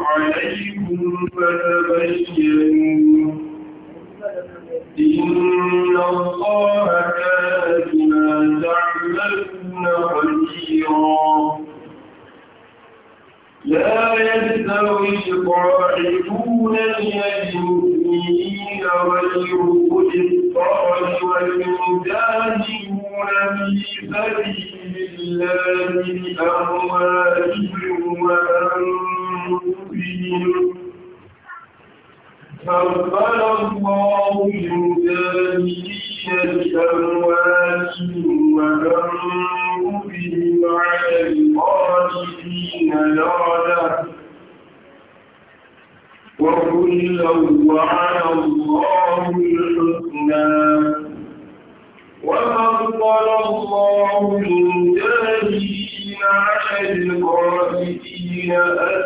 عليكم فتبينوا إن الله كان بما تعملون خبيرا لا يستوي القاعدون من المؤمنين واليهود الطاعة والمجاهدون في سبيل الله بأموالهم وأموالهم كفر الله المجاهدين بأموالهم وأنفسهم على الخالدين لعنة وكلا على الله الحسنى وفضل الله المجاهدين على القاسدين أجرا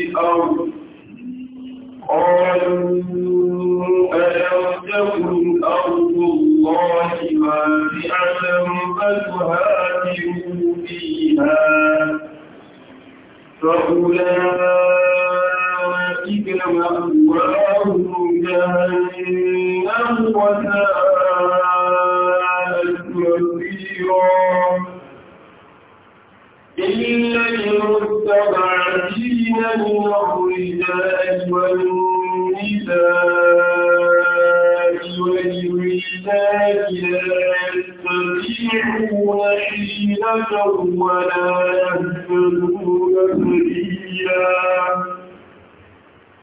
الأرض قالوا ألم تكن أرض الله واسعة فتهاجروا فيها فأولئك مأواهم جهنم وساءت مصيرا إلا المتبع الرجال والنساء والولدان لا يستطيعون حيلة ولا يهتدون سبيلا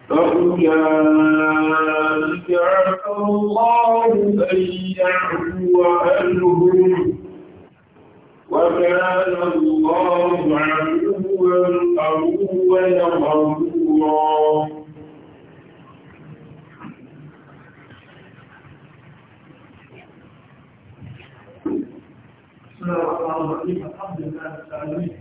فأولئك عسى الله أن يعفو عنهم وكان الله عدوا قويا غفورا بسم الله الرحمن الرحيم الحمد لله رب العالمين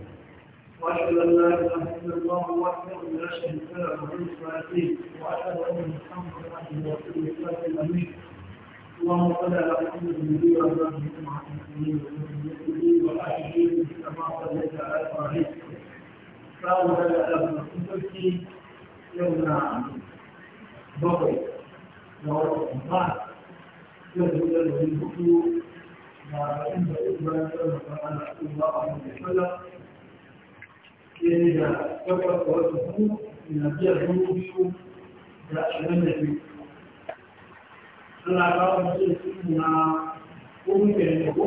واشهد ان لا اله الا الله وحده لا شريك له له الملك واشهد ان محمدا عبده ورسوله الامين اللهم صل على محمد النبي وعلى آله كما صليت على إبراهيم فأول على محمد يومنا بقي وعلى الله يجب أن يكون وعند إبراهيم صلى الله عليه Allah ya kawo mutum su na kuma ke ne ko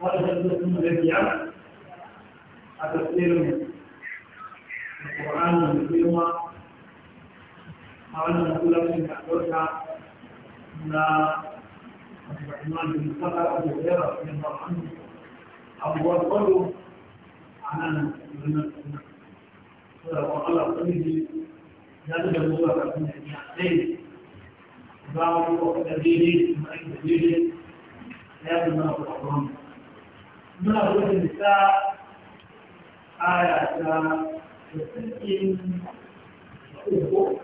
wanda zai sun da biya a tafsirin Qur'ani da girma a wannan kulafin da ɗauka na Rahman bin a da yara da Rahman abubuwan kwallo a nan birnin suna. Saboda Allah ya zai da mutuwa kafin da ya tsaye باعوا وقتلين ومعين تجيلين لازم ما أفضلهم من أفضل النساء آية وستين وقوة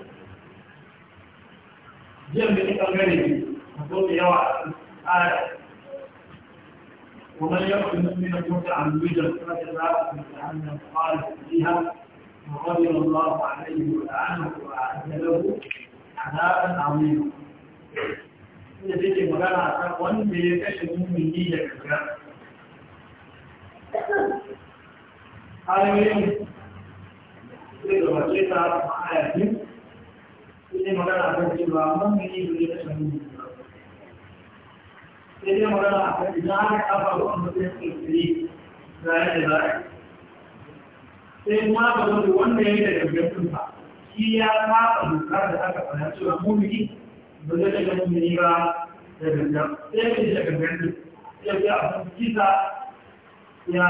جنب الغني مطلوب يوعى آية ومن يقتل مؤمنا متعمدا فجزاء جهنم خالد فيها وغضب الله عليه ولعنه واعد له عذابا عظيما inda take magana a kan wanda ya kashe mummuni da kaga ayoyin zai gabace ta ma'ayatin sai magana a kan cewa mummuni da ya kashe mummuni sai dai magana a kan idan aka kafa ruwan ke kirkiri zai da zai sai ma ba wanda ya yi da gaggafin ba shi ya kafa dokar da aka fara cewa mummuni ba zai daga mummuni ba da gangan sai ya yi ya fi kisa ya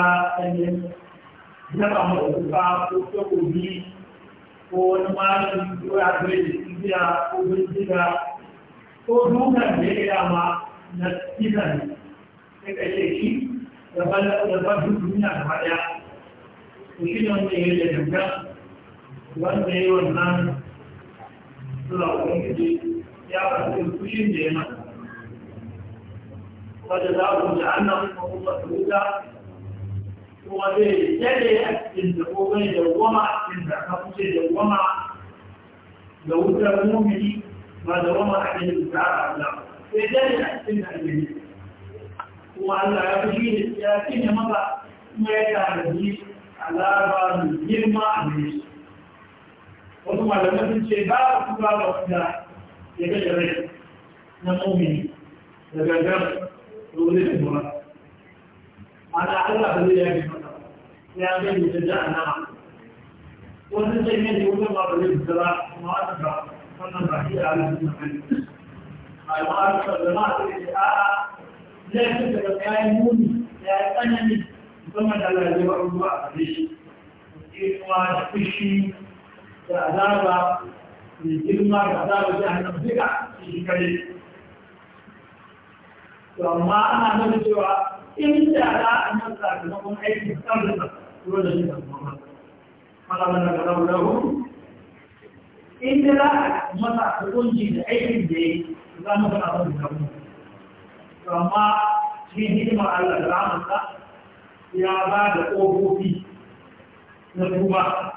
ma ba ko takobi ko wani malam ko ya da tsibiya ko bindiga ko dukan da ya dama na sai ka ce shi da ban duniya gaba ɗaya to shi ne wanda yi da yi wannan ya faɗi fushin da ya mata wadda za ku ji an nan kuma kuma kuma zai jade a cikin da ko bai da goma a cikin da aka fice da goma da wutar mumini ba da goma a cikin da ta Allah sai jade a cikin da yi. kuma Allah ya fushi da ya cinye maka kuma ya tarihi alaba mai girma a mai wasu malamai sun ce ba su ba ba su da ya kashe rai na mumini da gagar rubutun mura ana Allah ba zai yafi mata ya zai yi da annama wani zai yi da wutar ba zai fita ba kuma wata ba wannan ba shi a halittu na kan al'amma ta zama ta ce a laifin daga kayan muni ya yi tsanani musamman da lalewar ruwa a gare shi kuma da fushi da azaba mai girma da azabar jahannam duka shi kare to amma ana nuna cewa in da za a nan sakamakon aiki tsarin da ruwa da shi da kuma mata mana da rabu rabu in da za a masa hukunci da aiki da ya yi za mu fara da to amma da ya ba da ƙofofi na tuba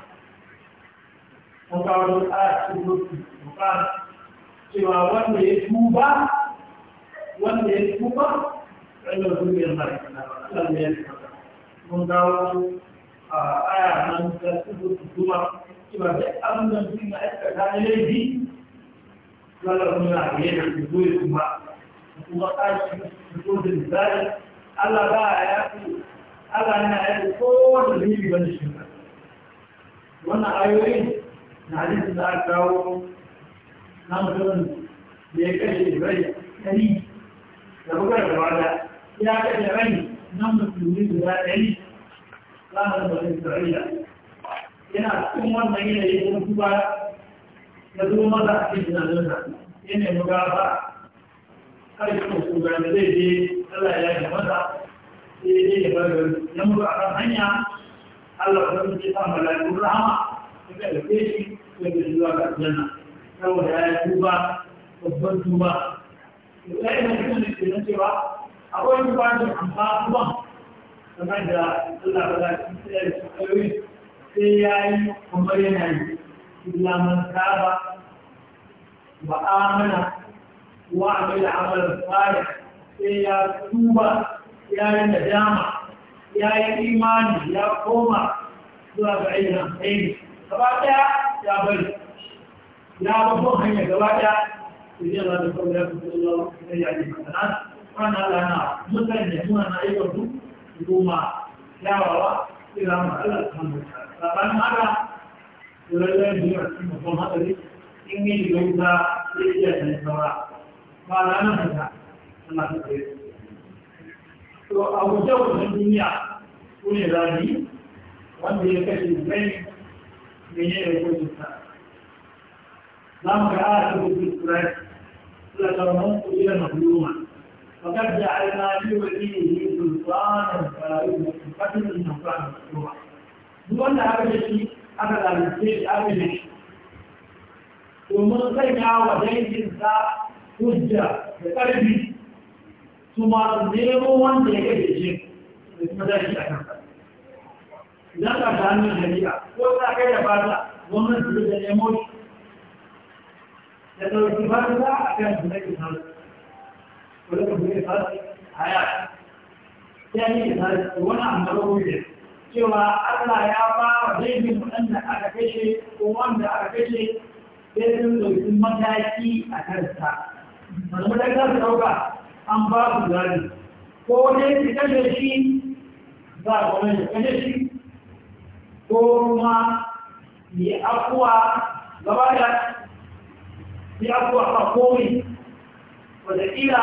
mun kawo cikin lokaci bukan cewa wanda ya tuba wanda ya tuba ɗaga duniyar mai Allah ya mun a aya nan da tuba cewa ya aikata ne laifi a da ya tuba da misali Allah ba a yafi Allah yana kowane wannan ayoyin na hadisin da aka kawo na mutumin da ya kashe rai ɗari da bugar da wada ya kashe rai na musulmi guda ɗari ranar da isra'ila yana cikin wannan yanayi kuma kuma ya zo maza a cikin jinanarsa yana yi gaba har yi kuma su gani zai je allah ya yi maza sai ya je ya bar ya mutu a kan hanya allah ya ce sa malakun rahama ya ga da shi ya ke zuwa ga aljanna saboda ya yi duba babban tuba da ya yi mutum ne kenan cewa akwai tuba ne amma tuba kamar da Allah ba za su tsaya da su sai ya yi kamar yana yi islaman kaba wa amana wa amil amal salih sai ya duba ya yi nadama ya yi imani ya koma zuwa ga ayyukan aini gaba daya ya bari ya babban hanya gaba ɗaya sai yana da kawai ya fito da wani ya yi masana wannan Allah na mutane da suna na yi wasu goma kyawawa sai za mu Allah ta hannu tsakanin haka lallai biyar cikin babban hatsari in yi da wuta sai iya da saura ba ranar haka Allah ta tsaye to a wuce wajen duniya su ne rani wanda ya kashe mai menene hukuncin sa za mu ga aya ta hukuncin turai suna karman kuɗi da mahluma فقد جعلنا في وليه سلطانا فلا يملك قتل النصارى مكتوبا duk wanda aka da shi aka zalunce shi aka da shi domin sanya wa danginsa hujja da ƙarfi su masu nemo wanda ya gaje shi da kuma zai shi a kansa idan ka ta hannun shari'a ko ta kai da fata wannan su da emoji da ɗauki fata a kan su nake sarki ko da kuma ke sarki a yara sai ne ke sarki wani amfani rufe cewa Allah ya ba wa zaibin waɗanda aka kashe ko wanda aka kashe sai sun ɗauki mataki a kansa wani mataki su ɗauka an ba su gari ko wani ya kashe shi za a gwamnati kashe shi ko kuma afuwa gaba da afuwa ba komai wataƙila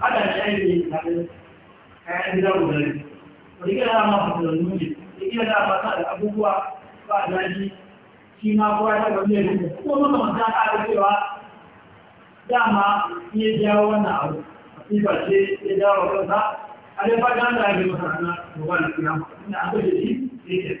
haɗa shayi ne a kayan ne wataƙila za ma za a da abubuwa ba daji shi ma kowa ya taɓa mai rubu kuma makamanta a da cewa dama iya jawo wannan abu a ce ya jawo kansa a dai fata da ya masarana da wani kiyama an shi ne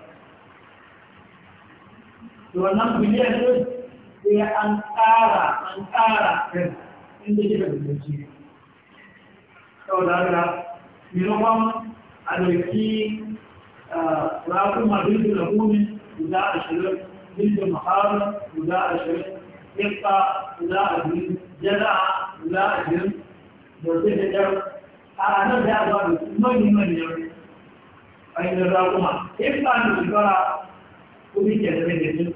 to wannan biliyan ɗin sai an ƙara an ƙara ɗin inda kika da zuci saboda haka maimakon a ɗauki rakuma bilbil rahumi guda ashirin bilbil maharin guda ashirin ifa guda ashirin jada'a guda ashirin da zai da jar a nan da ya zaɓi manyan manyan ainihin rakuma ifa ne shekara kuɗi ke da rage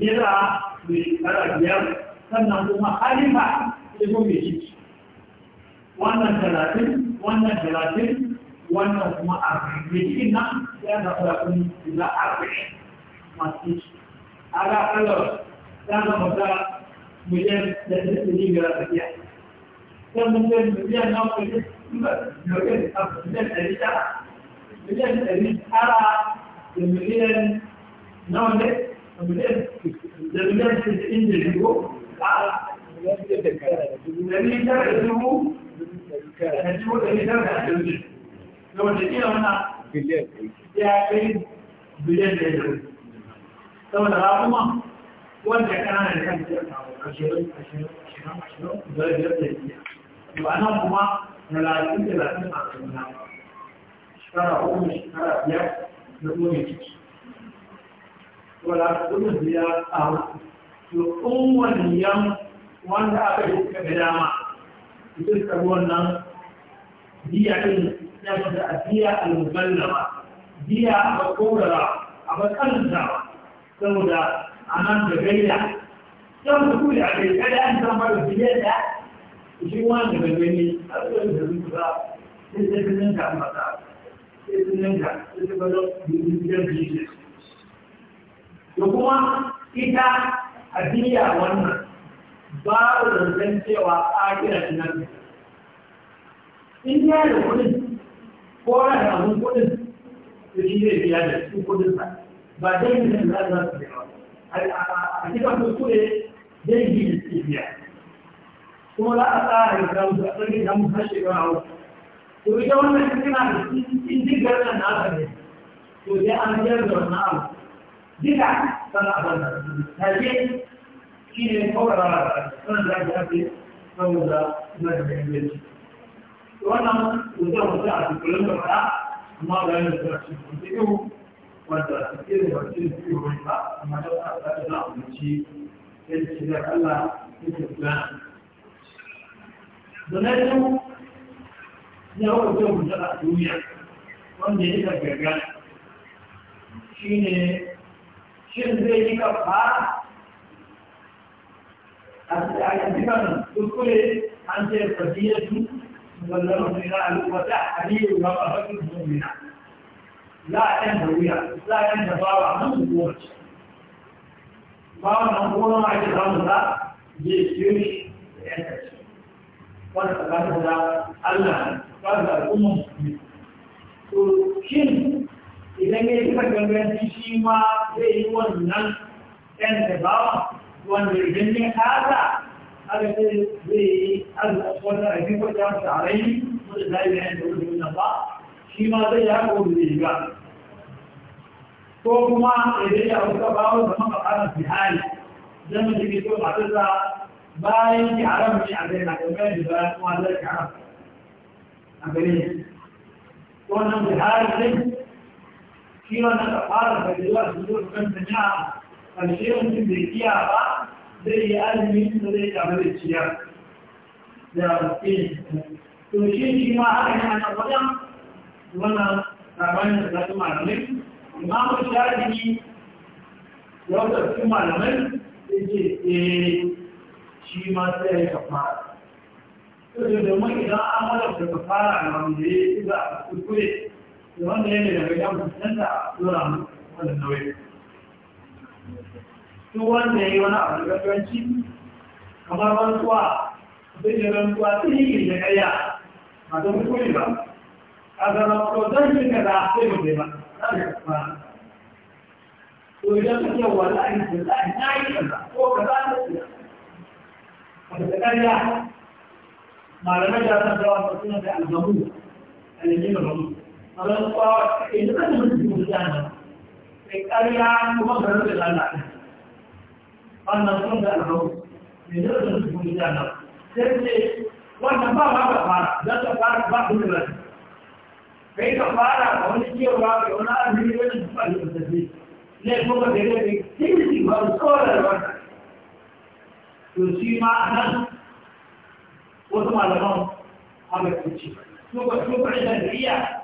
jira mai shekara biyar sannan kuma halifa sai kuma mai ciki wannan talatin wannan talatin wannan kuma arba'in mai cikin nan ya da farafin guda arba'in masu ciki a ga kalar ta zama ta miliyan da ta tsiri biyar tafiya sai mun sai miliyan na kwanci miliyan da ta miliyan ɗari tara miliyan ɗari tara da miliyan nawa ne saboda ba kuma wanda kana da kan jirka ashirin ashirin ashirin ashirin da biyar da biya to a nan kuma talatin talatin a kan na shekara uku shekara biyar da kuma mai ciki wala kuma biya a wasu to kowane yan wanda aka yi suka ga dama ita suka wannan biya ɗin ya fita a biya al-muballama biya a bakkorara a bakkaranta saboda a nan da gaida yan su kuli a kai kada an san ba da biya da shi wanda da gani a tsoron da zuwa sai sai sun yanka masa sai sun yanka sai sun bada biyan biyan da kuma ita a duniya wannan babu zancen cewa ƙaƙira nan in ya da kudin ko na da abin kudin da shi zai biya da cikin kudin sa ba dai ne da za su biya a cikin kuskure dai ne da su biya kuma za a tsara da zamu a tsarki da mu kashe ba a wasu to ita wannan tana da cikin jirgin nan na ne to dai an biyar da wannan abu bid'a sana abin taje shi ne kawai rana sanar da ake haɗe saboda suna da inganci wannan wuta wuta a cikin da fara amma da yin da shi kuma yau wanda suke da wacce su yi wani ba amma da ta ta da abinci sai da shi da Allah yake kula da na yau ya wuce wuta a duniya wanda ya ga gaga shi ne shin zai yi kafa أيضاً تقول أنت القضية والمؤمنة وتحرير وقفة المؤمنة لا تنهوية لا تنهوى عنه بوجه فهو نقول مع الرمضة يسير ينتج والرمضة الله فرد الأمم كل idan ya kika ganganci shi ma zai yi wannan ɗan da bawa wanda idan ya kasa aka ce zai yi wata a cikin kwanciyar masa a rai wanda za a yi yayin da wani ba shi ma zai yi haka wanda zai yi ba ko kuma idan ya wuka bawa da maka ƙarar bihari zama da ke so matarsa bayan ki haram ne a gari na kamar da bayan kuma zai ki haram a gari wannan bihari ne shi wannan da fara da zuwa su zo kan a ƙarshe mutum ya iya ba zai yi azumi da zai kama da ciya da ke to shi shi ma haka ne a wajen wannan sabanin da zaɓi malamai imamu shafi ya wata fi malamai ya ce ɗaya eh, shi ma sai ya kafa to da domin idan an wadda da kafara na wanda ya yi za a kuskure wanda ya ne da bai damu nan da lura mu wanda nauyi su wanda ya yi wani abu da gabanci kamar rantsuwa zai yi rantsuwa ta yi da ƙarya ba ta mutu ba a zama ko zan shi ka da sai mu ba za ka kuma to idan ka ke ce wallahi wallahi na yi kaza ko za ta ce a ta ƙarya malamai da san dawa ba suna da albamu a yanzu da bamu rantsuwa ke duka da mutum mutane kai ƙarya kuma ga da Allah wannan sun da alhau ne duka da mutum mutane sai ce wannan ba ma fara za ka fara ba ku da rasu kai ka fara a wani cewa ga wani arziki wani duka da mutane ne kuma da ya kai ba su tsoron wannan to shi ma a nan wasu malaman haka kuci su ba da iya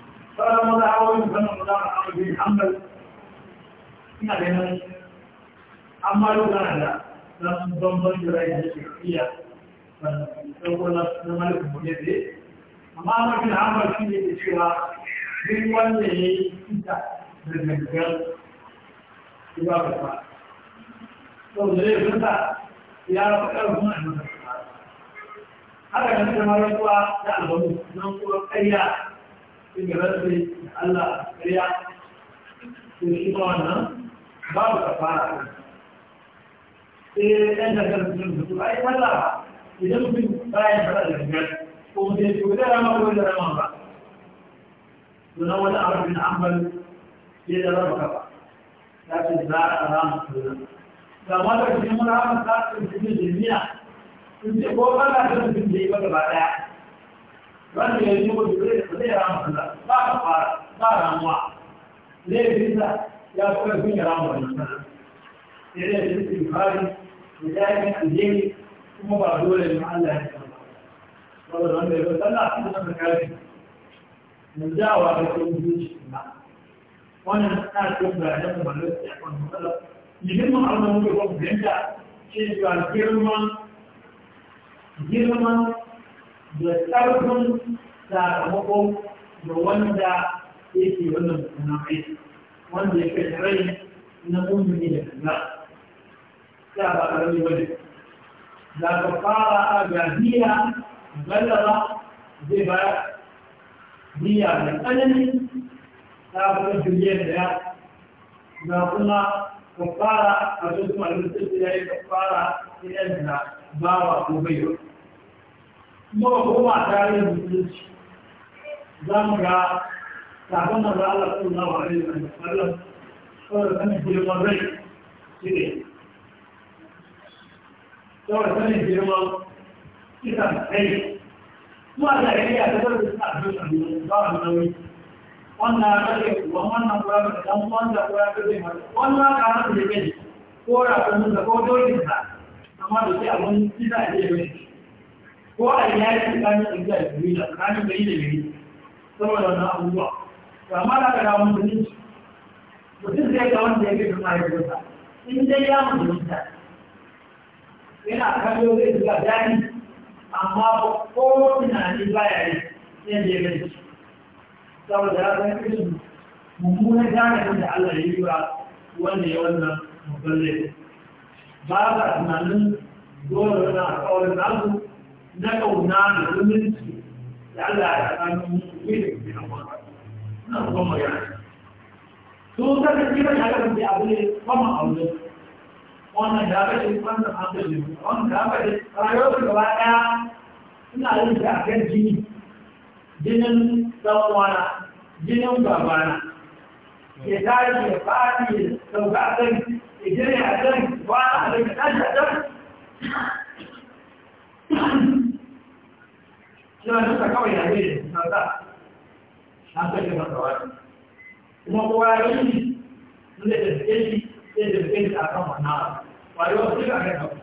sauran maza hawa yin sanar maza na hawa bin hanbal ina da yanayi amma yau da na amma cewa duk wanda ya yi fita da a yi masa haka da mara kuwa da albamu nan kuwa ƙayya inda rantsi Allah kariya to shi ma wannan babu kafara sai ɗan da kan sun su ai Allah idan mutum bayan fara da gangan ko mutum ya ce da rama ko da rama ba sunan wani abu bin ambal sai da rama kafa ta ce za a rama sunan ga mata kuma mun rama ta ce da jami'a sun ce ko ba ta da mutum da yi ba gaba ɗaya wanda ya yi wani zai da zai rama sallah ba ka fara ba ramuwa laifinsa ya fi ƙarfin ya rama wannan sallah sai dai da su fari da jami'in aljeri kuma ba dole ne Allah ya kama saboda wanda ya zo sallah sun san da kare mu jawa da kuma zuci ba wannan ta ce da ya mu ballo ya kan sallah idan mun aure mu ko fahimta shi ne girman girman da ƙarfin sakamako da wanda yake wannan mutunan aiki wanda ya kai rai na mummuni da kalla ta ba a rami wani za ka fara a gajiya gallara zai ba biya da tsanani ta kuma jirgin da ya za kuma ka fara a zuwa da ya ka fara idan da bawa ko baiwa kuma ba koma tarihin musulunci za mu ga sabon da za a wa rai da Allah saboda sanin girman rai shi ne saboda sanin girman kisan kai kuma da ya yi da suna abin da ba a nauyi wannan ya kuwan wannan kuwa da kan kuwan da kuwa ya kashe wannan ka hana su da kai ko rakunin da ko dokin sa amma da ke abin kisa ya ke ko a yaki tsakanin ɗabi'a da ɗabi'a tsakanin gari da gari saboda wannan abubuwa to amma da aka dawo musulunci mutum zai ga wanda ya gaji mahaifinsa in dai ya musulunta yana kallo zai zuwa dani amma ko tunani baya yi yadda ya gaji saboda ya san irin mummunan jami'in da Allah ya yi wa wanda ya wannan babban laifin ba za sa tunanin dole wannan alƙawarin nasu na ƙauna da zumunci da Allah ya tsakanin musulmi da kuma yan wata suna kuma magana su saka kira ya kasance abu ne kwamma a wurin wannan da aka ce wannan hankali wannan da aka ce rayuwar su gaba ɗaya suna yin shi a kan jini jinin ɗan'uwana jinin babana ya tashi ya fadi ya sauka a kan ya jire a kan kwana a kan ya tashi a kan tunaninsa kawai na ne da sunansa an sake masa wani kuma kowa ya gani sun da tafiye shi sai da tafiye shi a kan wannan wani wasu duka kan kafin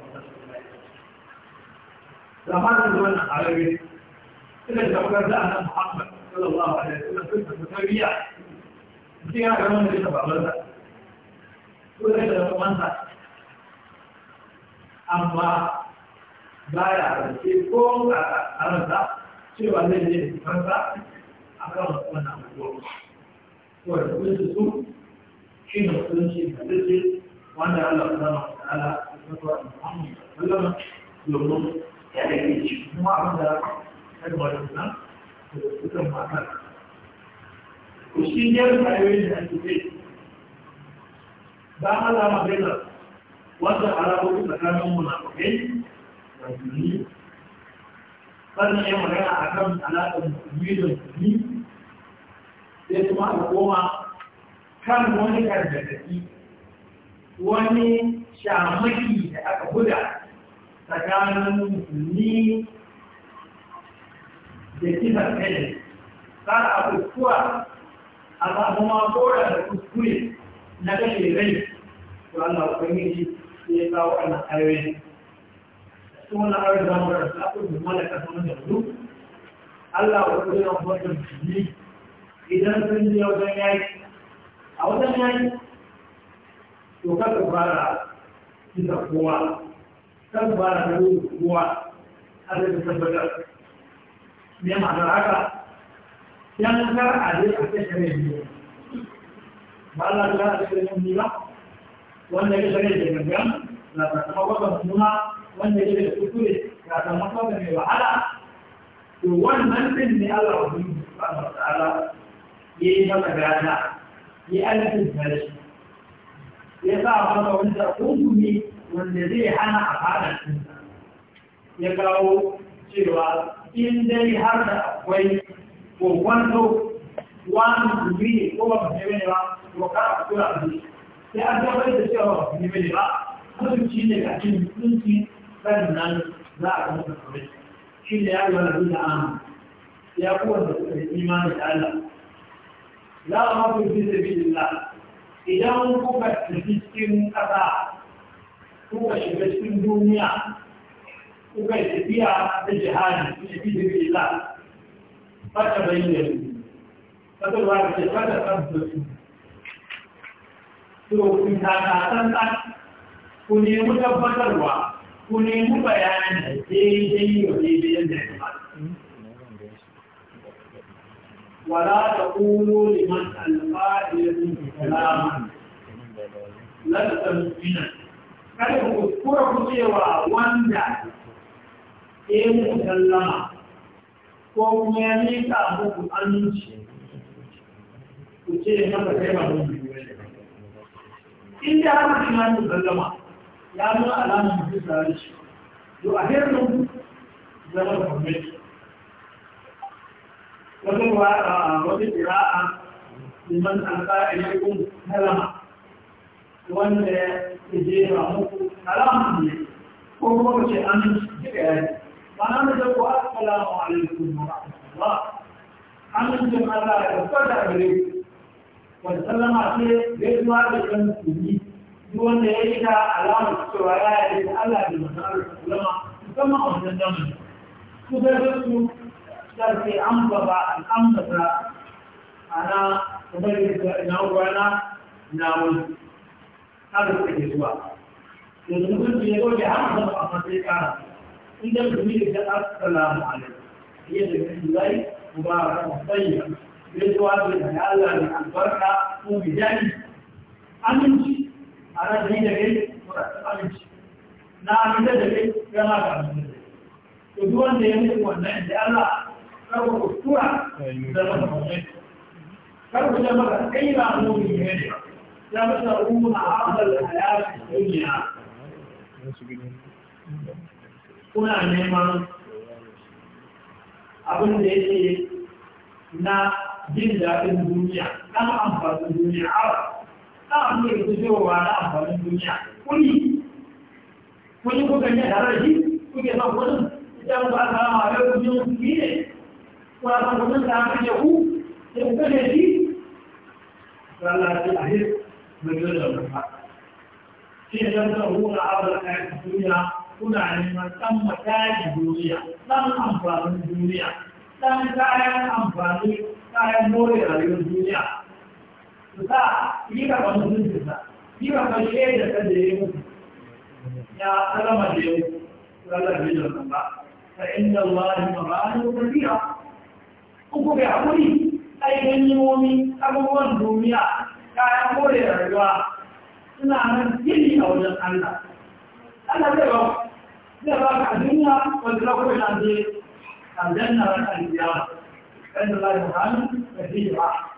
zamanin da wannan arabe suna da tabbatar da annan muhammad sallallahu alaihi wasallam sun tafi tarbiyya mutum yana ganin wanda duka babarsa ko da da wansa amma baya da ke ko a ransa cewa zai ne da kansa a kan wannan abubuwa wanda kunsu su shi ne da zai wanda Allah ya zama da ala da Muhammadu sallama domin ya rage shi kuma abin da ya gabata na da sukan matar ku shi ne rayuwar da ake kai ba Allah magana wanda arabu tsakanin munafikai da duniya sannan yin magana a kan alaƙar musulmi da musulmi sai kuma a koma kan wani gargaɗi wani shamaki da aka guda tsakanin musulmi da kisan kai kar a kuskuwa a samu makora da kuskure na kashe rai to Allah ubangiji sai ya kawo wannan ayoyin cikin wannan aure da zamu rasa da Allah idan sun je wajen yaki a wajen yaki to ka ka fara kisa kowa ka ka fara na kowa har da tabbatar me ma'anar haka yan kar a je a kashe mai biyu ba Allah ta kashe mai biyu ba wanda ya kashe mai biyu na ta kuma gwagwa kuma wanda yake da kuskure ga sakamako mai wahala to wannan din ne Allah ubangiji subhanahu wa ta'ala yi masa gana ya alfin shi ya sa a masa wanda kuskure wanda zai hana a fada ya kawo cewa in dai har da akwai kowanto wani ne ko ba ne ne ba ko ka a kura a sai an tabbatar da cewa ba ne ba mutunci ne ga cikin mutunci sannan za a kuma kawai shi da ya yi wani abin da an ya kowanne suka yi imani da Allah za a mafi fi sabilillah idan kuka tafi cikin ƙasa kuka shiga cikin duniya kuka yi tafiya da jihadi fi sabilillah fata bayyana fata ba ta fata tabbatu to kun ta ta san ku nemi tabbatarwa ku nemi bayani daidai wa daidai yadda ya ولا تقولوا لمن ألقى إليكم سلاما لا تسمعنا kada ku kura ku cewa wanda ya muku sallama ko kuma ya nika muku aminci ku ce na masa kai ba mun biyu ne in da haka shi ma muku sallama ya zo alamun su tare shi to a hirin zama gwamnati wani wa a wani ƙira'a liman alƙa ilaikun kalama wanda ya jera muku kalama ne ko kuma ce an jika yari ma'ana da ko assalamu alaikum wa rahmatullah amincin Allah ya fada gare ku wa sallama ce gaisuwa da kan tuni wanda ya yi ta alamar cewa ya yi da Allah da masarar ulama musamman a wajen zamani su su an baba an gaba ana kuma da na rana na wani haka suka ke zuwa yanzu mutum ya goge an gaba a matsayi kara inda mutum ya ga assalamu alaikum yadda ya yi zai mubarak tsayyar gaisuwa da Allah da albarka ko bijani aminci ana da ni da kai na da ke yana ga da duk wanda ya mutu wannan da Allah ko tura da mata mutum karba da mata kai na mutum ne ya mata umma amal hayati dunya kuna neman abin da yake na jin daɗin duniya ɗan amfanin duniya a ba a da wa amfanin duniya ku a yau kujin ku ne kuna son da aka ku shi da wata shi kayan duniya kuna neman ɗan mataki duniya ɗan amfanin duniya ɗan kayan amfani kayan more rayuwar duniya za sa yi karɓar mutuncin sa yi karɓar shaidar kan da ya yi mutu ya salama da ya yi sallar bidon nan ba fa inda Allah ya mabani ko tafiya uku bai haƙuri ai ganyomi abubuwan duniya kayan kore rayuwa suna nan gini a wajen Allah Allah zai ba zai ba ka duniya wanda za ku yana zai aljanna ran aljiyama kan da Allah ya mabani da ba.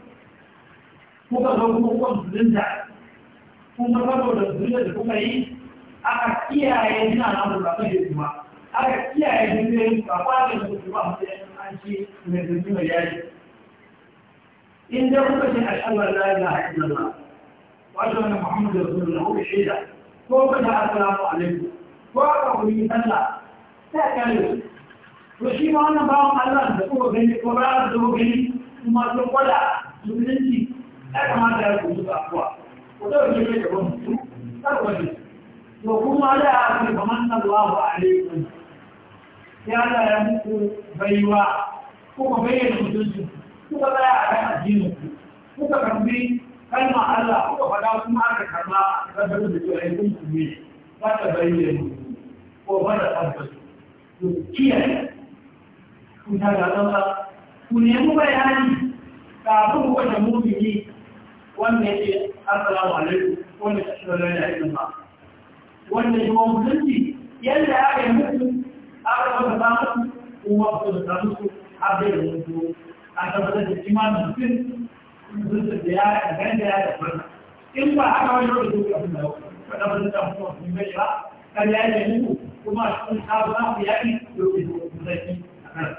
kuka zo kuma kuka musulunta kuma da musulunta da kuma yi aka kiyaye suna na musulunta ne kuma aka kiyaye jirgin ba ba da su ba matsayin an ci mai zirgi mai yaji in dai kuka ce ash'alar la ilaha illallah wato na muhammadu rasulullah ko shaida ko kuma da assalamu alaikum ko ka kuri sallah sai ka ne to shi ma wannan bawan Allah da kuka gani ko ba za da kuka gani kuma sun kwada musulunci ya kamata ya kudu to kuma da a fi kamar sallahu alaikum ya Allah ya muku baiwa kuka bayyana mutunci kuka tsaya a kan addinin ku kuka karbi kalma Allah kuka faɗa kuma aka karba a tabbatar da cewa yankin ku ne ba ta bayyana ko ba to kiyaye ku ga zama ku nemi bayani kafin ku mutu mutuni wanda yake assalamu alaikum wanda ta shiga lana aikin ba wanda shi wa musulunci yadda aka yi mutu aka masa samu kuma su da samu su har da mutu a tabbatar da imanin mutum musulunci da ya inganta ya da farna in ba haka wani lokaci ka fi da wani ka tabbatar da mutum mutum bai ba kan ya yi mutu kuma a cikin sabu na ku yaƙi lokacin da musulunci a kan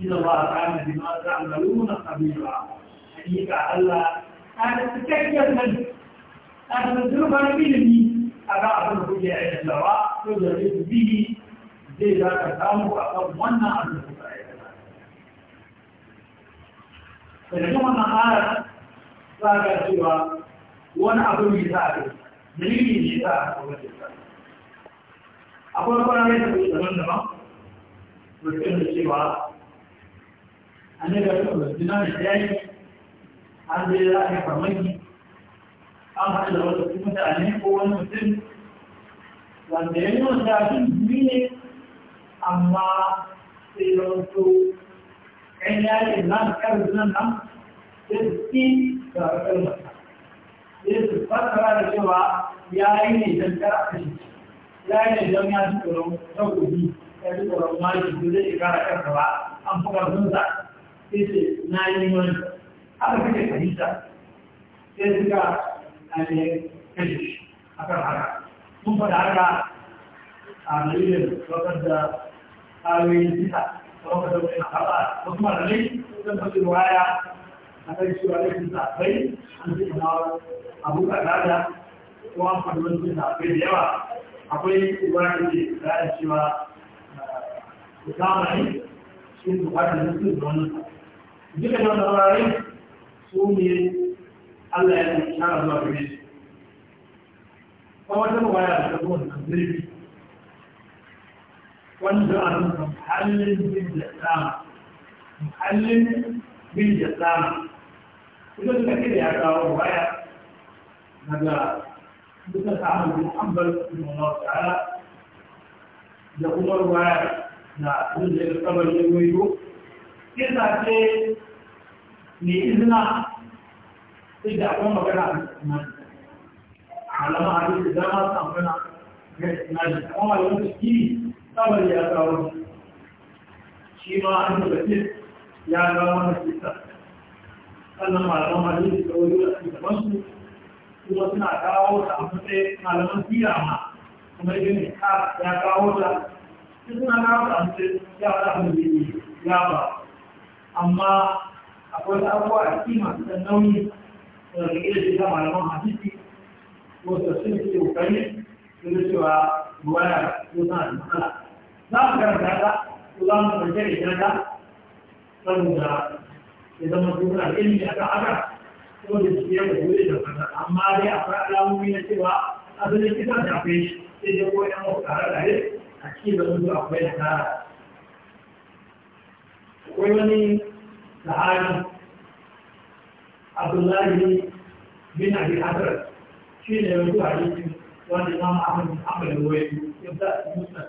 إذا الله تعالى بما تعملون خبيرا حقيقة الله ta da cikakkiyar nan ta da zurfar ilimi a ga abin da kuke aikatawa ko da zai bihi zai za ka samu a kan wannan abin da kuka aikata. Daga wannan ayar za ka cewa wani abu mai za a dalili ne za a kawai da akwai kwanar da ke daban daban mutum da cewa an yi da kuma zina da yayi an zai za a farmaki an haɗu da wasu mutane ko wani mutum wanda ya yi wanda abin ne amma sai da wasu ‘yan yaƙi nan karin nan nan sai su ci da ƙarfin masa sai su fassara da cewa ya yi ne don kara kashi ya yi ne don ya ji tsoron takobi ya ji tsoron maki zai ƙara karsa ba an fi ƙarfinsa sai ce na yi wani aka kashe kanisa sai suka ne eh, kashe a kan haka mun faɗa haka a dalilin wakar da ayoyin sita a wakar da wani haɓa wasu malamai sun faɗi waya a kan cewa laifin zaɓai an fi na abu kaɗa ko an faɗi wani zaɓai da yawa akwai wani da ke da cewa eh, zamani shi ne bukatar da su da wani duka da wani su ne Allah ya yi shara zuwa gare su a wajen waya da zuwa da zirgi wanda a nuna muhallin bin da tsama muhallin bin da tsama idan suka kira ya kawo waya daga duka samun bin ambal bin Allah ta'ala da kuma waya da abin da ya kabar ya goyo kisa ce ne izina duk da akwai magana a cikin malama a duk zama dama su amfana ga isnadi kuma malamin su kiri tsabar ya kawo shi ma an da ce ya kawo wani kisa sannan malaman a duk da kawo yau da cikin su kuma suna kawo ta amfani matsayin malaman siya ma kuma idan ne ka ya kawo ta suna kawo ta a matsayin ya wani abin da ya ba amma akwai abubuwa a cikin masu ɗan nauyi da ke iya shiga malaman hadisi ko su sun ke kokari su da cewa ruwaya ko tana da matsala za mu karanta ta ko za mu karanta da ita ta saboda ya zama dukkan ilimi a kan haka ko da su yau da wuri da fata amma dai a fara alamomi na cewa asalin kisan da akwai shi sai dai ko yan wasu tare da a cikin da akwai da tara akwai wani sahabi abdullahi bin abi hasrat shi ne yanzu hadisin wanda imam ahmad bin hanbal ruwaya yabda musnad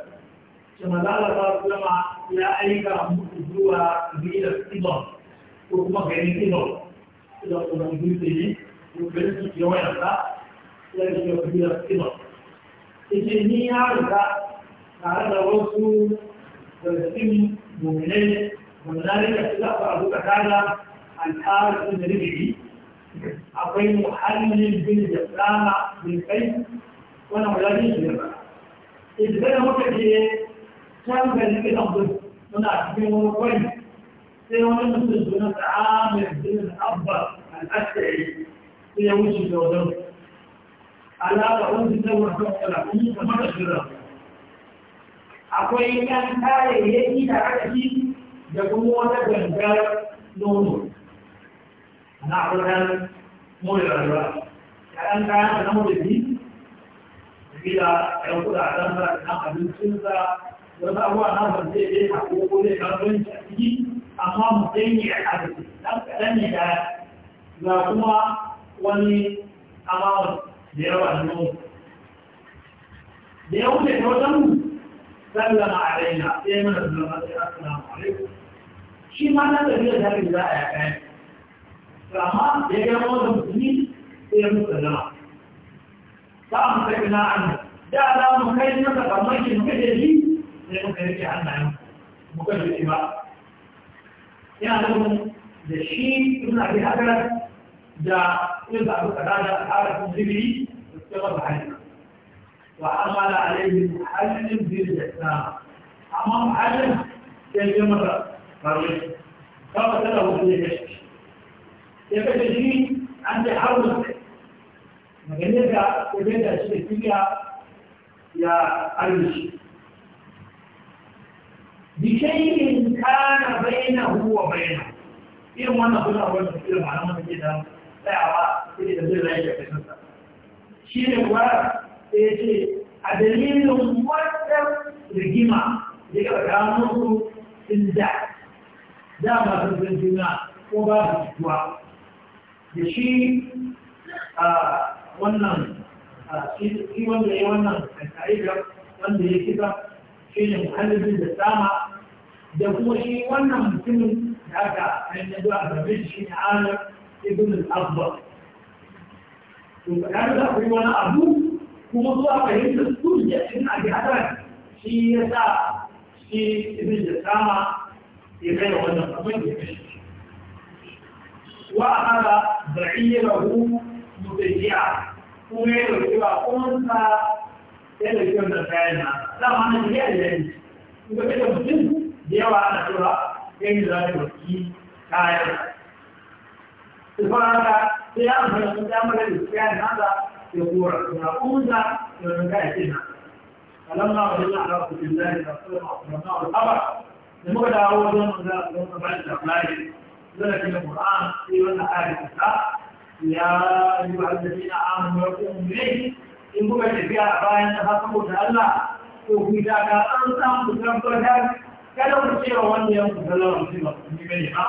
kuma lalata zama ya aika muku zuwa kabilar ibon ko kuma garin ibon da kuma dutse ne ko garin su ke wayar sa ya ke kabilar ibon ita ni ya rika tare da wasu da cikin هنالك تلقى أبو تعالى الحارث بن ربعي أقوي محلل بن جسامة بن كيف وأنا ملاجئ بن ربعي إذ كان مكتئ كان كان لك أفضل من أحسن ونقوي سيوان المسلم بن عامر بن الأفضل الأشعري في يوم الشيطان على بعض تور تقول أمي كما تشرب أقوي كان كاره يجي على شيء da kuma wata gangar nono na abokan da kayan kayan da na da gida ɗan a sa da abincinsa wasu abuwa na ban zai ta ko ko ne kasuwanci a ciki amma mutum ya arziki ɗan kaɗan ne da ga kuma wani amawar da yawa da nono da ya wuce ta wajen mu sallama alaina sai mana sallama sai assalamu alaikum shi ma na ɗari da zaɓi za a yaƙa to amma da ya gama wanda musulmi sai ya musulma za a musulmi na an da za mu kai masa kamar shi muka da shi sai muka rike hannayen muka da shi ba yana nufin da shi suna bi hakarar da yin da abu kaza da tsara sun zibiri da suke masa hanyar wa amala alaihi muhallin zirga amma muhallin sai ya masa marwai kawo tana hutu ne kashe ya kashe shi an ce har da kudin da shi da kiriya ya arin shi bishai in kana bai na huwa bai na irin wannan kuna wani tafiya ma nan wata ke da tsayawa ta ke da zai zai ya shi ne kuwa ta ce a dalilin wata rigima da ya in da dama sun san juna ko ba su jituwa da shi a wannan shi wanda ya wannan ka'idar wanda ya kisa shi ne muhallin da sama da kuma shi wannan mutumin da aka ainihin zuwa gabe shi ne anar ibn al-abba to ya da akwai wani abu kuma zuwa fahimtar su ya ina ga hadar shi ya sa shi ibn da sama ya kai wannan abin da kashe wa hada ba'irahu mutajiya kuma ya dauki ba kunsa ya dauki wannan kayan na dama na jiya da yanzu kuma kada mutum da yawa ana cewa yanzu za ta dauki kayan Ibarata sai ya amfani da damar da kayan nasa ya kora suna kunsa da wani kayan na. Alamma wa jalla ala kullin lahi rasulullah sallallahu alaihi wa sallam da muka dawo wajen manzo Allah ta bada labari zai cikin Qur'an sai wannan ayat ta ya yi ayyuha alladhina amanu qum bihi in kuka tafiya a bayan ta saboda Allah ko ku da ka an san ku tabbatar kada ku ce wa wanda ya kuka lawa mutum ba ku ne ba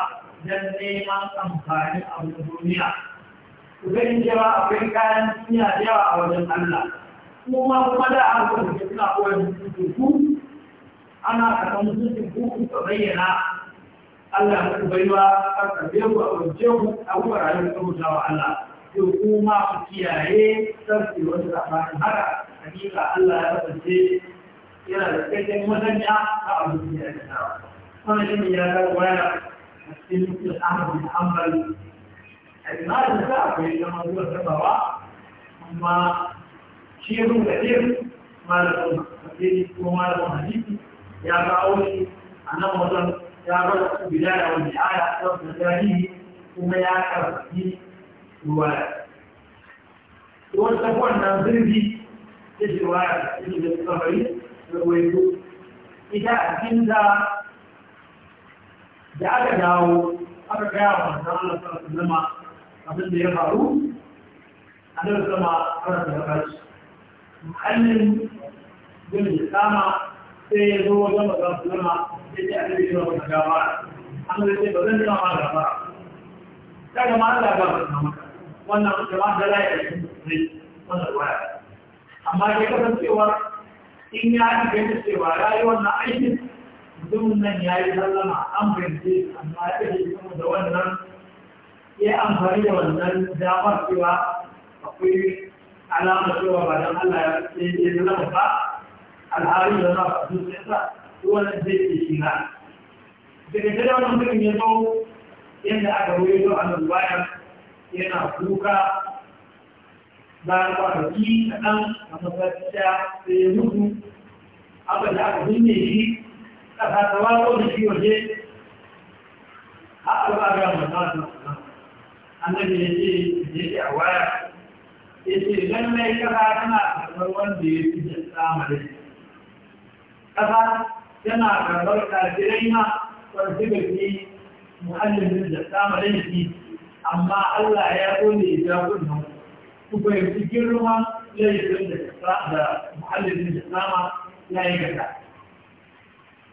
dan ne neman amfani a duniya ku gani cewa akwai kayan duniya da yawa a wajen Allah kuma kuma da an kuka suna koyar da ku أنا كمسلم بوك تبين الله كبيرا كتبيه أوجه أو رأي أو جوا الله يقوم في أي سبب وسبب ما حقيقة الله يبتدي إلى كتير من الدنيا أو في أي سبب ما نجمع يا كوايا نسيم في الأمر الأمر أنا أنسى في لما أقول هذا ما شيء من كتير ما لهم كتير وما لهم حديث يا باوشي أنا مدن يا رب بداية والنهاية رب مدانيه ثم يا كرسي رواية وتكون نظري في رواية في الطبري ويقول إذا كنت da aka dawo aka gaya wa manzan Allah sallallahu alaihi wasallam abin da ya faru a da sama kana da kashi muhallin bin sama sai ya zo wajen za su lama sai ce annabi shi masa gaba zai sai ba zan jira ma gaba kaga ma Allah ba su maka wannan jama'a da lafiya ne wannan waya amma ya kasancewa in ya yi inganta cewa rayuwar na aikin mutumin nan ya yi sallama an fahimce amma ya kashe kuma da wannan ya amfani da wannan damar cewa akwai alamar cewa ba don Allah ya ce ya sallama ba alhari da za a zuciyarsa wani zai ke shi na daga tada wannan mutum ya zo yadda aka wuri zo a nan bayan yana kuka bayan kwanaki kaɗan a masarciya sai ya mutu abin da aka binne shi ƙasa ta wato da shi waje har ba ga masarciya annabi ya ce ya ce a waya ya ce lallai ƙasa tana karɓar wanda ya fi da tsamadai ƙasa yana karɓar kafirai ma wani suka muhallin da samun laifi amma Allah ya kone ya kunna ku fahimci girman laifin da muhallin da sama ya yi gata.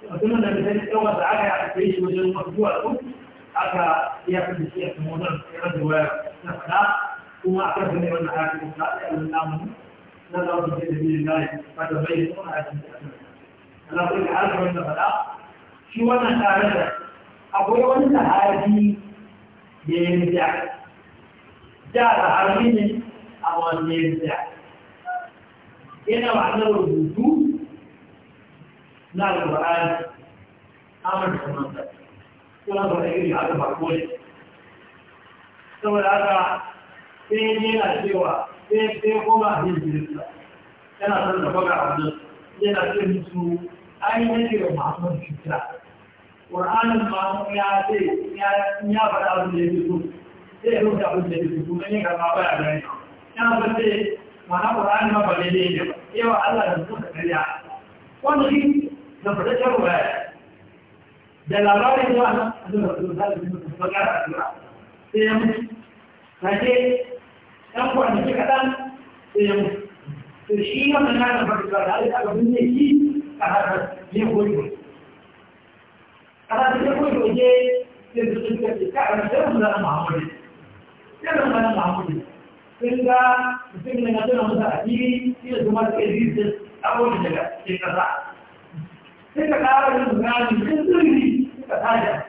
da misali tsawon da aka aka yi shi wajen zuwa su aka iya fi da shi a kuma wajen tsayar da waya na fada kuma a karfe ne da aka yi kuma a tsaye na zama da ke da biyu na yi fata bai yi kuma a cikin na kuma da arzikin da faɗa shi wannan tare da akwai wani sahabi da ya yi da da sahabi ne a wanda ya yi da yana ma'anar rubutu na alƙur'ani amurka kuma ta kuma ba da iri haka ba kone saboda haka sai yana cewa sai sai kuma hijirisa yana son da baka abin yana ce su. ai na ce wa ya ce ya faɗa abin da ya fito, abin da ya fito, don yin baya gani. Ya mana ma ba daidai ne ba, yawa Allah da suka karya. Wanda shi Da labarin na zuwa zuwa zuwa zuwa zuwa sai ya mutu. ɗan kwanaki kaɗan sai ya mutu. To shi wannan na da shi a yahudu a ranar yahudu ne ka yi rizin abubuwan daga cikin ka ka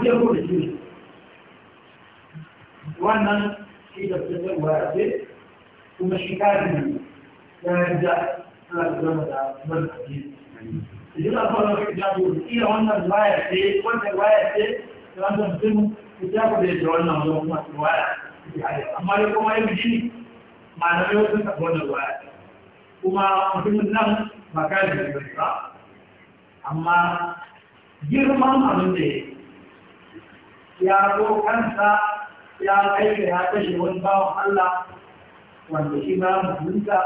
yi ka wannan shi da fitarwa ce kuma shi kafin ya yarda ana zama da barkaci idan an fara kai jago iya wannan waya ce wannan waya ce wannan mutum ya ku da da wannan zuwa kuma su waya amma ya kuma yi na yau sun ta wannan waya kuma mutumin nan ba kai da ba amma girman abin da ya zo kansa ya kai ya kashe wani bawan Allah wanda shi ba mu dunka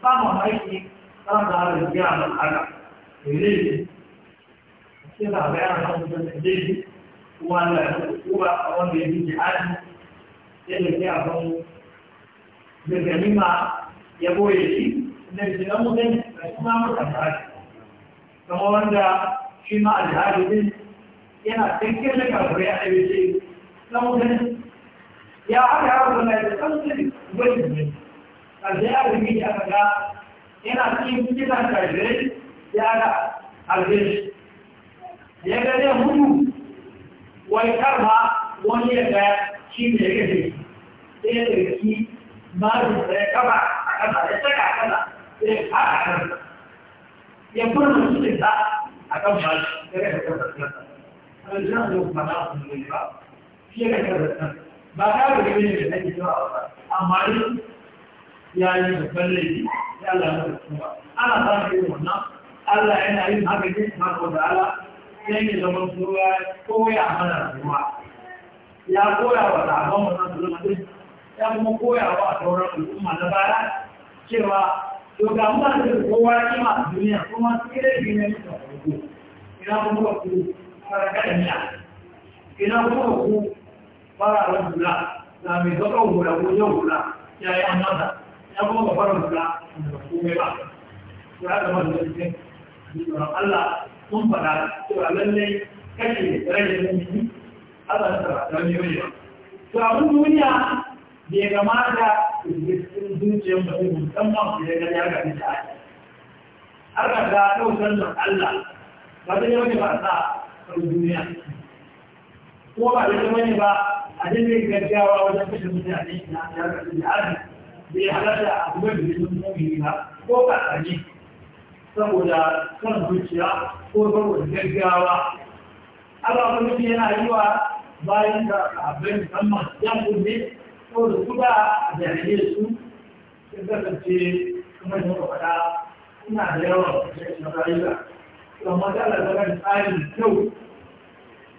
ba mu haiki ba mu da biya mu Allah ne sai ba ga da kuma ya ya ke da boye shi kuma mutum wanda shi ma alhaji yana da ya aka yaro da mai tsantsiri wani ne a zai azumi da aka ga yana cikin kitan kajirai ya ga aljish ya ga zai hudu wani karma wani ya ga shi ne ya gaje sai ya ɗauki mazu da ya kaba a kasa ya saka a kasa sai ya fara a kasa ya furna su ne ta a kan ba shi ya ga kasa kasa. Aljihar yau ba na wasu ne ba, shi ya ga kasa kasa. ba ka ga gani da nake cewa ba amma in ya yi babban laifi ya Allah ya rubuta Ana ana samun yi wannan Allah yana yin haka ne ma ko da ala. sai ya zama ruwa ko ya mana ruwa ya koya wa sabon wannan zulmi ya kuma koya wa sauran al'umma na baya cewa to ga mu da kowa kima a duniya kuma su kire shi ne ina kuma ku farka da ina kuma ku fararen hula na mai zaɓar hula ko yau hula ya yi an nasa ya kuma ba farar hula da kome ba ko ya zama da cikin tsoron Allah sun faɗa cewa lallai kashe da mummuni Allah na tsara da wani yau to abin duniya da ya gamata cikin zuciyar mutum musamman ku ya gani har gani da ake har ka ga ɗaukar da Allah ba ta yi wani ba sa duniya Ko ba da ta wani ba abin da gaggawa wajen kashe mutane na yawon da arzi bai halatta a kuma da yin mummi ba ko kakani saboda son zuciya ko saboda gaggawa Allah mutum yana yi wa bayan da abin musamman yan kunne ko da kuda a jami'ai su sun kasance kuma da muka faɗa suna da yawan rashin rayuwa to amma da Allah zama da tsarin kyau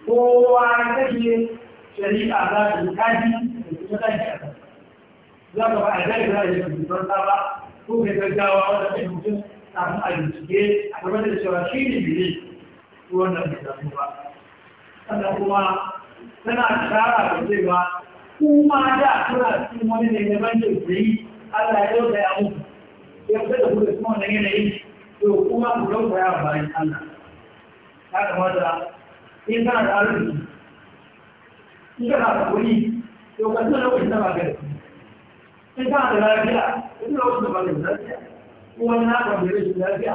kowa ya kashe shari'a za ta yi kaji da kuma ɗan a kan za ka ba a zai za a yi rubutar ba ko kai gaggawa wanda kai mutum kafin a bincike a gaban da cewa shi ne bile wannan bai zafi ba sannan kuma tana shara da cewa kuma da kuna cikin wani ne na bankin ku yi Allah ya yau da ya mutu ya fita da kuka kuma wannan yanayi to kuma ku ya bayan Allah ya kamata in kana da arziki yana da ni to ka tuna lokacin da ba ka da in kana da lafiya ka tuna lokacin ba ka da lafiya wani na ka da rashin lafiya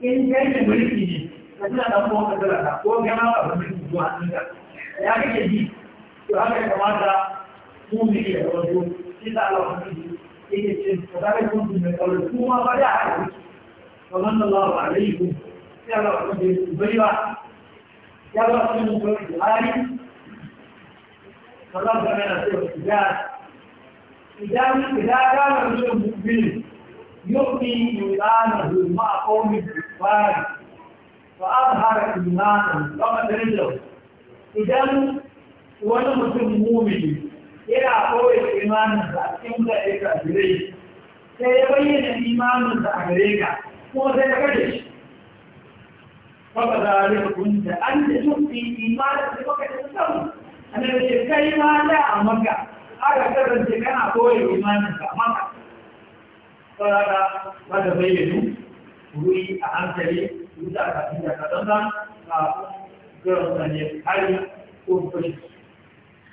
in kai da mulki ne ka tuna da kuma ka talaka ko gama ba ka mulki zuwa hannunka ya kake ji to haka ya kamata mu mu da wato shi da Allah ku ji yake ce ka da kai kun da kawai kuma ba da haka ba. man Allah alaikum ya Allah ku ji ba ya ba ku mun kawai hali فالله لا يستوى إذا كان رجل مؤمن يؤمن إيمانه مع قوم الكفار فأظهر إيمانه كما تنزل إذا وأنا مسلم مؤمن إلى قوي الإيمان فأتم ذلك إليه سيبين الإيمان ذلك إليك فكذلك كنت أنت تؤتي إيمانك بوقت الصوم annabi ce kai ma da a maka aka karanta kana koyi imanin ka maka sarara ba da bayyanu wuri a hankali wuta a kafin da ka zanza a garin sanye hari ko fashi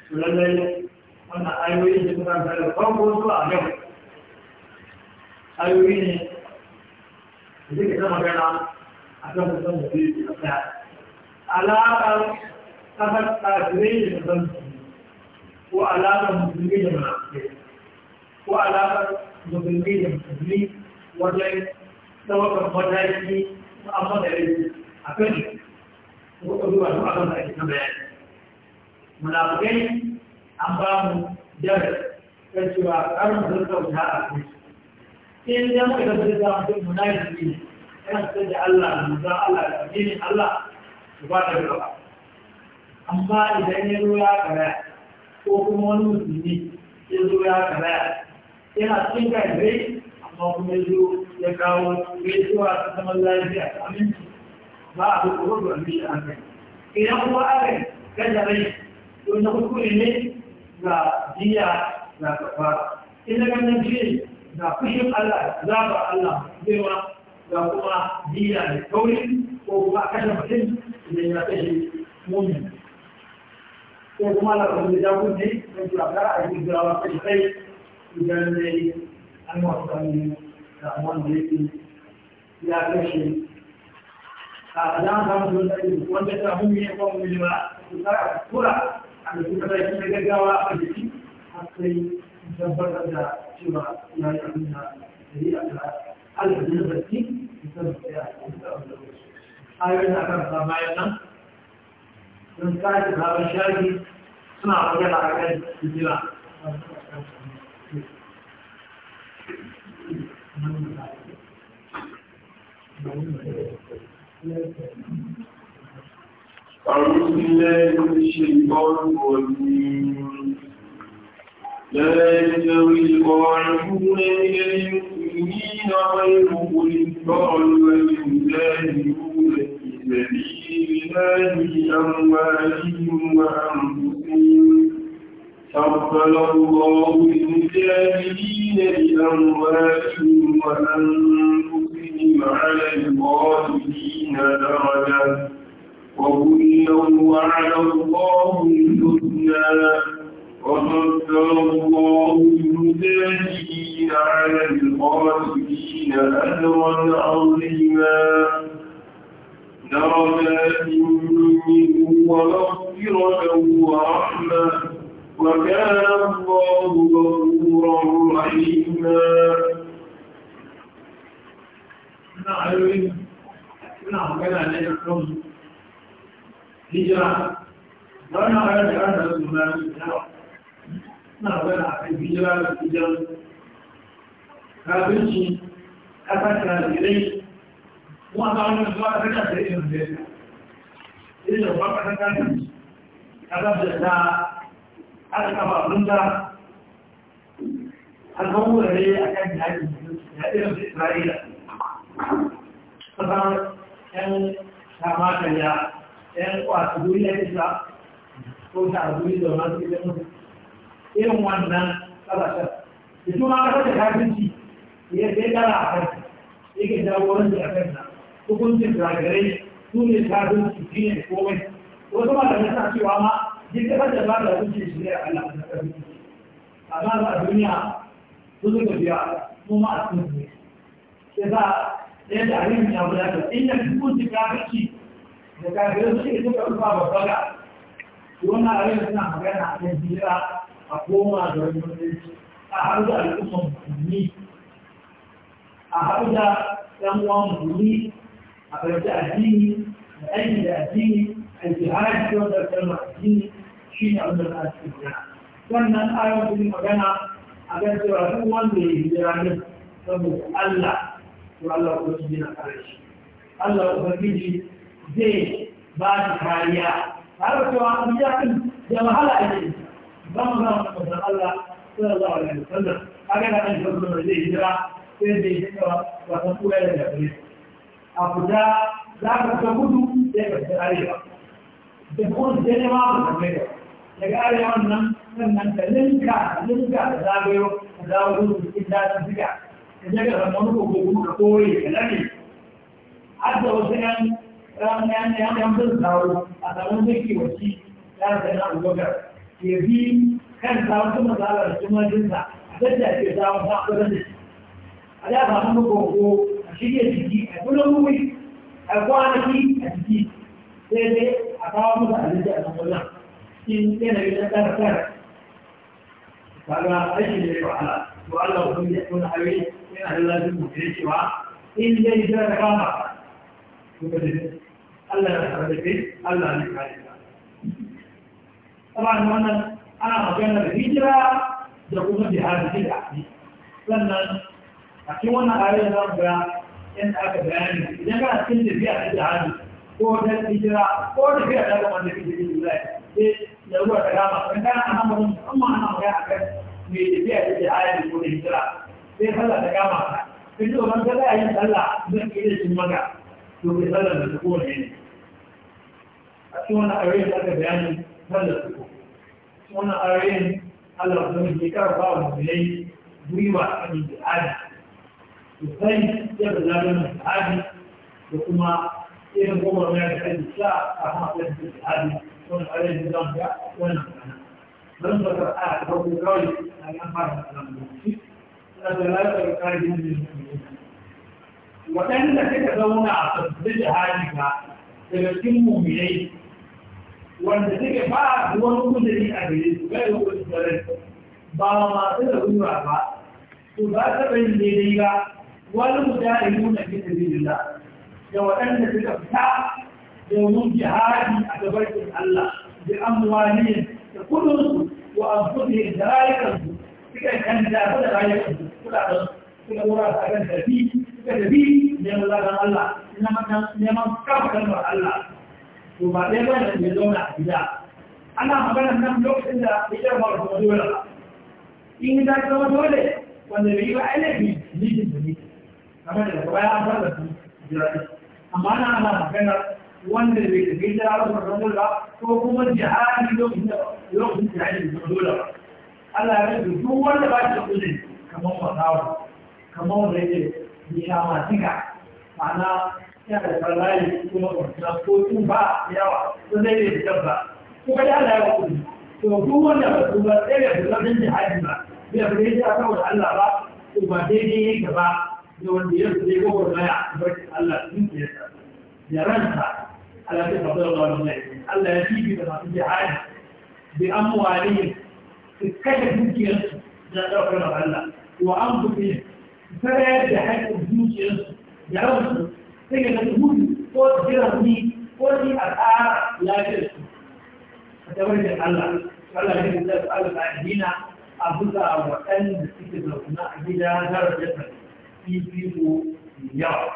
su lallai wannan ayoyin da suka zara farko a yau ayoyi ne da suke ta magana a kan musamman da biyu a alaƙar kafar kafirai da zan ko alamar musulmi da munafikai ko alamar musulmi da musulmi wajen tsawakar mataki na amma da rai a kan ko ba su akan da ake na bayani munafikai an ba mu dare kan cewa karin zurkauta a kai in zama idan zai zama mutum munafiki ne yana da Allah da Allah da Allah ba ta gaba amma idan ya zo ya karaya ko kuma wani musulmi ya zo ya karaya yana cikin kafirai amma kuma ya zo ya kawo gaisuwa ta zaman lafiya ta aminci ba a duk wani aminci a kai idan kuma aka gaza rai to na hukuri ne ga jiya ga kafa ina ganin ce ga fushin Allah ba Allah zewa ga kuma jiya da kauri ko kuma kashe mutum idan ya kashe mumin ko kuma na kuma da kuɗi don kira kara a cikin jirawa kai kai idan ne an wasanni da wanda yake ya kashe a na samu da wanda ta mun yi ko mun yi ba su kara kura a da kuma sai kuma gaggawa a jiki a sai tabbatar da cewa ya yi abin da ya yi a al alfajin da ki da ya yi a kara bayan nan sun sake sabon shafi suna magana a kan fitila أعوذ بالله من الشيطان الرجيم لا يستوي القاعدون من المؤمنين غير أولي الضرر والمجاهدون سبيل الله بأموالهم وأنفسهم فضل الله المجاهدين بأموالهم وأنفسهم a haɗu da ɗan uwan musulmi a fahimci addini da aiki da addini a jihar da wanda kalmar addini shi ne abin da za a cikin magana wannan ayon sun yi magana a kan cewa duk ya yi ranar saboda Allah to Allah ko shi yana kare shi Allah ubangiji zai ba shi kariya har cewa an ji akin da wahala a yi za mu zama da Allah sallallahu alaihi wasallam kaga da kan shi da zai hijira sai da ya kawa wasan kura da a fita za ka gudu sai ka fita arewa da kuma linka linka da zagayo ka dawo gudu cikin dajin suka ka je ka da yan yan yan a samun zaki wacce ya bi kan samun su matsalar jima'a jinsa a dadda ke samun sa'a da shi a za a samu gongo a shirya jiki a kula wuri a kwanaki a jiki sai dai a kawo musu abinci a samu nan cikin yanayi na tsara tsara kaga aiki ne ba ala to Allah ku yi tona hawi yana da lafiya mu da cewa in dai da ka kama to ka dai Allah ya tsare kai Allah ne kare ka amma wannan ana magana da hijira da kuma jihadi da sannan a cikin wannan ayoyin za mu ga yadda aka bayani idan kana cikin tafiya ta jihadi ko ta hijira ko tafiya ta gaban da kake cikin zai sai da ruwa ta gama in kana ana mun musamman ana magana akan mai tafiya ta jihadi ko ta hijira sai sallah ta gama ka ji wannan ka za yin sallah zan iya cin maka to kai sallah da ta kowane ne a cikin wannan ayoyin da aka bayani sallah su ko wannan ayoyin Allah zai yi karfafa wa mu'minai gwiwa a cikin jihadi sosai ya da zaɓen jihadi da kuma irin gwamnati da ake sha a hankali da jihadi wani ƙwarar da zan ga wannan kana don ba ta a farko kawai a yan fara da nan lokaci na da lafiyar ƙarfin da ya waɗanda suka zauna a sabbin jihadi ga daga cikin mummunai wanda suke ba wani kudiri a gare su ga yau ba masu da ba to ba ta bayyana daidai ba wani yi da ke sabilillah da waɗanda suka fita domin jihadi a gabanin Allah da amwani da kudinsu wa amfani da rayukansu suka kan dafa da rayukansu suka da suka wura a kan tafi suka tafi neman zagan Allah neman kafa kalmar Allah to ba ɗaya ba da ya zauna a gida ana magana nan lokacin da ya ba da kuma dole ba in ta zama dole wanda bai yi ba ainihin mijin da mijin kamar da daga baya an fara su jirage amma na ana magana wanda bai tafi gaisa da alaƙar ranar ba ko kuma jihadi lokacin da lokacin jihadi da dole ba Allah ya rage duk wanda ba shi da kudin kamar fasawa kamar wanda yake bisa matiga ma'ana ya da farlayi kuma kwanci ko tun ba yawa ko zai da fitar ba ko kai Allah ya kudi to duk wanda ba su ba sai ya fita don jihadi ba bai fita ya saboda Allah ba to ba daidai yake ba da wanda ya zai gowar baya barkin Allah sun ke ya ranta ala ta fadar Allah wannan Allah ya fifi da masu jihadi bi amwalihim su kashe dukiyarsu da ɗaukar Allah wa an bufi sarayar da haƙƙin dukiyarsu da rabu sai ga gudu ko jiran ni ko ni a tsara lafiyar su a tabbatar Allah Allah ya zai Allah ta dina a buga waɗanda suke zauna a gida zarar da fifiko yawa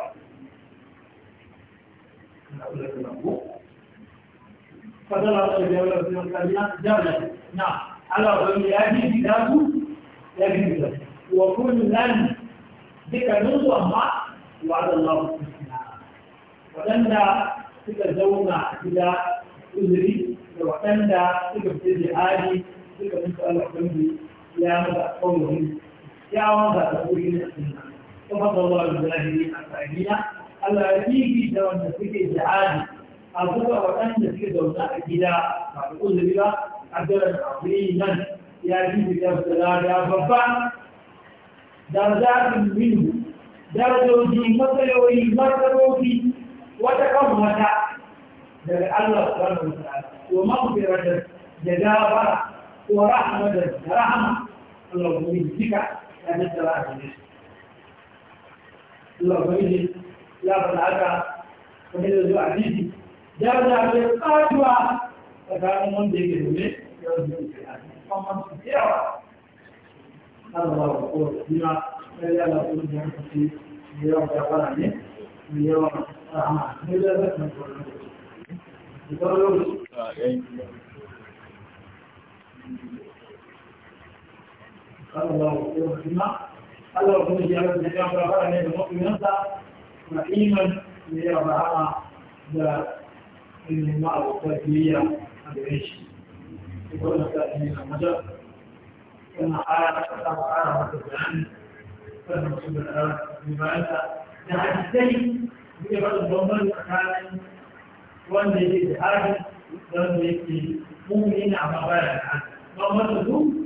فضل الله جل وعلا جل نعم على غير كتاب يجب وكل لن ذكر نوع ما وعد الله الحسنى ولن تتزونا الى اذري وكان تلك الجهاد تلك مسألة قلبي يا مدى قوله يا مدى تقولين السنة وفضل الله بالله أجمعين ألا يأتيك دون نفسك جهاد أبوك وأن نفسك دون أجدا فأقول بلا عبدالله عظيما يأتيك يا سلام يا بابا درجات منه درجة مطلوي مرتبوتي وتكملت daga Allah subhanahu wataala wa maghfiratan da gafara wa rahmatan da rahama Allah ubangiji ka da tsara da shi Allah ubangiji ya faɗa haka wani da zuwa ya da ke tsatuwa tsakanin wanda yake dole ya zuwa ke hadisi amma su yawa Allah ba ku kowa kuma sai ya lafi da hankali da yawa da fara ne da yawa da zai kan kowa Allah ya kuma da ya fara ne da mu'minansa na iman da ya rahama da ilimin ma'abuta biyayya a gare shi. ta ne na aya ta ta fara masa bayani kan mutum da da da ya tsakanin wanda da hajji da baya da hajji. su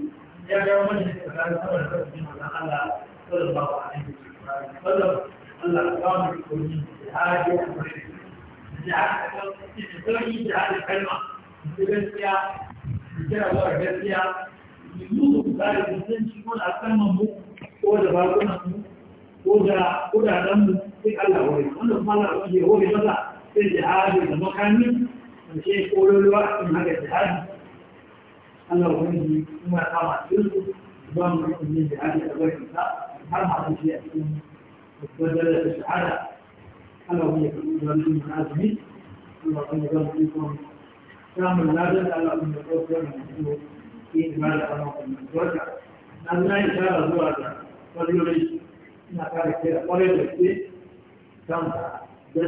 ya ga wani saboda Allah sallallahu Allah ya ba mu a wurin jihadi a cikin kalma da gaskiya da kira zuwa gaskiya da ko da mu ko da mu ko da mu sai Allah wannan kuma Allah wuri ya a cikin haka jihadi ba mu rikin yin jihadi a wurin sa har haɗa shi a cikin wajen da shahada Allah wani karɓi da wani azumi Allah wani zan fi kuma samun ladar da Allah wani da kawai yana da yi da Allah wani da wata na zina ishara zuwa da wani na kara kira kwarai da ke samun